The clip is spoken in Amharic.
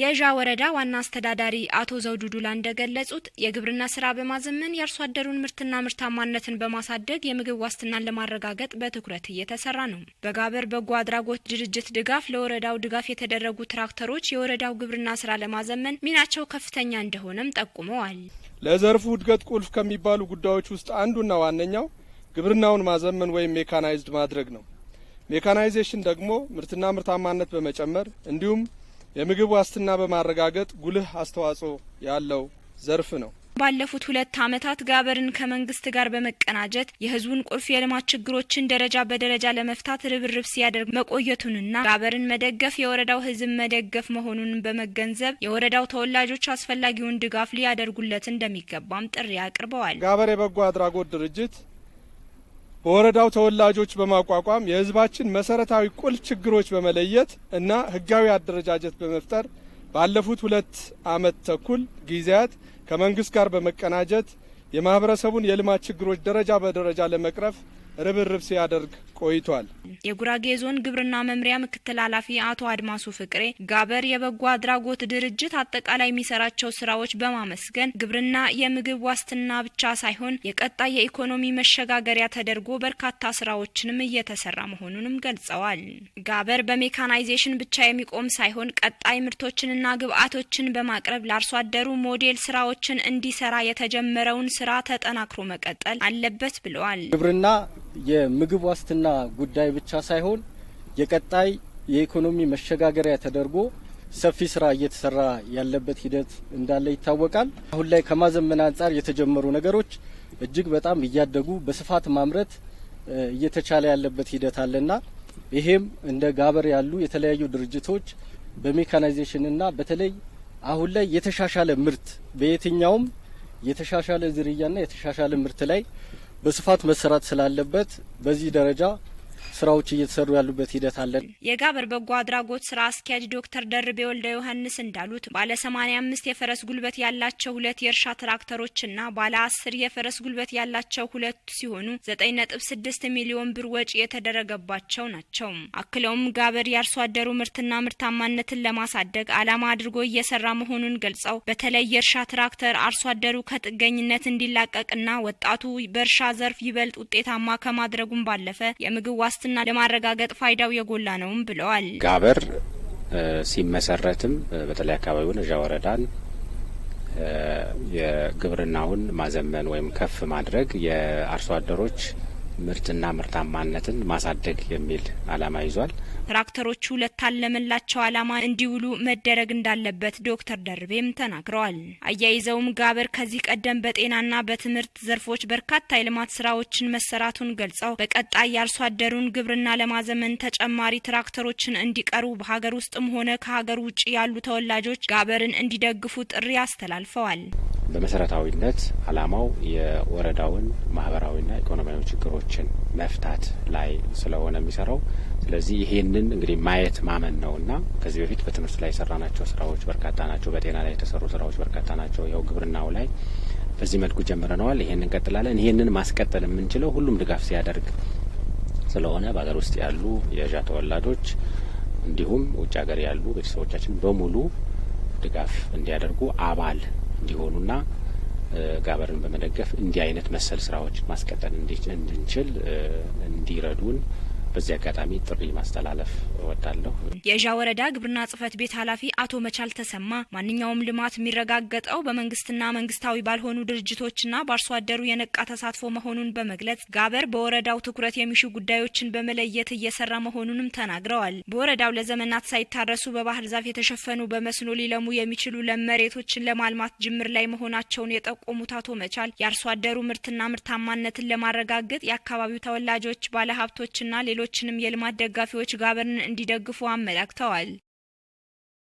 የእዣ ወረዳ ዋና አስተዳዳሪ አቶ ዘውዱ ዱላ እንደገለጹት የግብርና ስራ በማዘመን የአርሶ አደሩን ምርትና ምርታማነትን በማሳደግ የምግብ ዋስትናን ለማረጋገጥ በትኩረት እየተሰራ ነው። በጋበር በጎ አድራጎት ድርጅት ድጋፍ ለወረዳው ድጋፍ የተደረጉ ትራክተሮች የወረዳው ግብርና ስራ ለማዘመን ሚናቸው ከፍተኛ እንደሆነም ጠቁመዋል። ለዘርፉ እድገት ቁልፍ ከሚባሉ ጉዳዮች ውስጥ አንዱና ዋነኛው ግብርናውን ማዘመን ወይም ሜካናይዝድ ማድረግ ነው። ሜካናይዜሽን ደግሞ ምርትና ምርታማነት በመጨመር እንዲሁም የምግብ ዋስትና በማረጋገጥ ጉልህ አስተዋጽኦ ያለው ዘርፍ ነው። ባለፉት ሁለት ዓመታት ጋበርን ከመንግስት ጋር በመቀናጀት የህዝቡን ቁልፍ የልማት ችግሮችን ደረጃ በደረጃ ለመፍታት ርብርብ ሲያደርግ መቆየቱንና ጋበርን መደገፍ የወረዳው ህዝብ መደገፍ መሆኑን በመገንዘብ የወረዳው ተወላጆች አስፈላጊውን ድጋፍ ሊያደርጉለት እንደሚገባም ጥሪ አቅርበዋል። ጋበር የበጎ አድራጎት ድርጅት በወረዳው ተወላጆች በማቋቋም የህዝባችን መሰረታዊ ቁልፍ ችግሮች በመለየት እና ህጋዊ አደረጃጀት በመፍጠር ባለፉት ሁለት አመት ተኩል ጊዜያት ከመንግስት ጋር በመቀናጀት የማህበረሰቡን የልማት ችግሮች ደረጃ በደረጃ ለመቅረፍ ርብርብ ሲያደርግ ቆይቷል። የጉራጌ ዞን ግብርና መምሪያ ምክትል ኃላፊ አቶ አድማሱ ፍቅሬ ጋበር የበጎ አድራጎት ድርጅት አጠቃላይ የሚሰራቸው ስራዎች በማመስገን ግብርና የምግብ ዋስትና ብቻ ሳይሆን የቀጣይ የኢኮኖሚ መሸጋገሪያ ተደርጎ በርካታ ስራዎችንም እየተሰራ መሆኑንም ገልጸዋል። ጋበር በሜካናይዜሽን ብቻ የሚቆም ሳይሆን ቀጣይ ምርቶችንና ግብዓቶችን በማቅረብ ለአርሶ አደሩ ሞዴል ስራዎችን እንዲሰራ የተጀመረውን ስራ ተጠናክሮ መቀጠል አለበት ብለዋል። ግብርና የምግብ ዋስትና ጉዳይ ብቻ ሳይሆን የቀጣይ የኢኮኖሚ መሸጋገሪያ ተደርጎ ሰፊ ስራ እየተሰራ ያለበት ሂደት እንዳለ ይታወቃል። አሁን ላይ ከማዘመን አንጻር የተጀመሩ ነገሮች እጅግ በጣም እያደጉ በስፋት ማምረት እየተቻለ ያለበት ሂደት አለና ይሄም እንደ ጋበር ያሉ የተለያዩ ድርጅቶች በሜካናይዜሽንና በተለይ አሁን ላይ የተሻሻለ ምርት በየትኛውም የተሻሻለ ዝርያና የተሻሻለ ምርት ላይ በስፋት መሰራት ስላለበት በዚህ ደረጃ ስራዎች እየተሰሩ ያሉበት ሂደት አለን። የጋበር በጎ አድራጎት ስራ አስኪያጅ ዶክተር ደርቤ ወልደ ዮሐንስ እንዳሉት ባለ 85 የፈረስ ጉልበት ያላቸው ሁለት የእርሻ ትራክተሮችና ባለ 10 የፈረስ ጉልበት ያላቸው ሁለቱ ሲሆኑ 9.6 ሚሊዮን ብር ወጪ የተደረገባቸው ናቸው። አክለውም ጋበር የአርሶ አደሩ ምርትና ምርታማነትን ለማሳደግ ዓላማ አድርጎ እየሰራ መሆኑን ገልጸው በተለይ የእርሻ ትራክተር አርሶ አደሩ ከጥገኝነት እንዲላቀቅና ወጣቱ በእርሻ ዘርፍ ይበልጥ ውጤታማ ከማድረጉም ባለፈ የምግብ ዋስትና ለመጥቀስና ለማረጋገጥ ፋይዳው የጎላ ነውም ብለዋል። ጋበር ሲመሰረትም በተለይ አካባቢውን እዣ ወረዳን የግብርናውን ማዘመን ወይም ከፍ ማድረግ የአርሶ አደሮች ምርትና ምርታማነትን ማሳደግ የሚል አላማ ይዟል። ትራክተሮቹ ለታለመላቸው ዓላማ እንዲውሉ መደረግ እንዳለበት ዶክተር ደርቤም ተናግረዋል። አያይዘውም ጋበር ከዚህ ቀደም በጤናና በትምህርት ዘርፎች በርካታ የልማት ስራዎችን መሰራቱን ገልጸው በቀጣይ ያርሶ አደሩን ግብርና ለማዘመን ተጨማሪ ትራክተሮችን እንዲቀሩ በሀገር ውስጥም ሆነ ከሀገር ውጭ ያሉ ተወላጆች ጋበርን እንዲደግፉ ጥሪ አስተላልፈዋል። በመሰረታዊነት አላማው የወረዳውን ማህበራዊና ኢኮኖሚያዊ ችግሮችን መፍታት ላይ ስለሆነ የሚሰራው። ስለዚህ ይሄንን እንግዲህ ማየት ማመን እና ከዚህ በፊት በትምህርት ላይ የሰራናቸው ስራዎች በርካታ ናቸው። በጤና ላይ የተሰሩ ስራዎች በርካታ ናቸው። ያው ግብርናው ላይ በዚህ መልኩ ጀምረነዋል። ይሄን እንቀጥላለን። ይሄንን ማስቀጠል የምንችለው ሁሉም ድጋፍ ሲያደርግ ስለሆነ በሀገር ውስጥ ያሉ የዣ ተወላጆች እንዲሁም ውጭ ሀገር ያሉ ቤተሰቦቻችን በሙሉ ድጋፍ እንዲያደርጉ አባል እንዲሆኑና ጋበርን በመደገፍ እንዲህ አይነት መሰል ስራዎችን ማስቀጠል እንድንችል እንዲረዱን በዚህ አጋጣሚ ጥሪ ማስተላለፍ እወዳለሁ። የእዣ ወረዳ ግብርና ጽህፈት ቤት ኃላፊ አቶ መቻል ተሰማ ማንኛውም ልማት የሚረጋገጠው በመንግስትና መንግስታዊ ባልሆኑ ድርጅቶችና በአርሶ አደሩ የነቃ ተሳትፎ መሆኑን በመግለጽ ጋበር በወረዳው ትኩረት የሚሹ ጉዳዮችን በመለየት እየሰራ መሆኑንም ተናግረዋል። በወረዳው ለዘመናት ሳይታረሱ በባህር ዛፍ የተሸፈኑ በመስኖ ሊለሙ የሚችሉ ለም መሬቶችን ለማልማት ጅምር ላይ መሆናቸውን የጠቆሙት አቶ መቻል የአርሶ አደሩ ምርትና ምርታማነትን ለማረጋገጥ የአካባቢው ተወላጆች ባለሀብቶችና ሌሎች ሌሎችንም የልማት ደጋፊዎች ጋበርን እንዲደግፉ አመላክተዋል።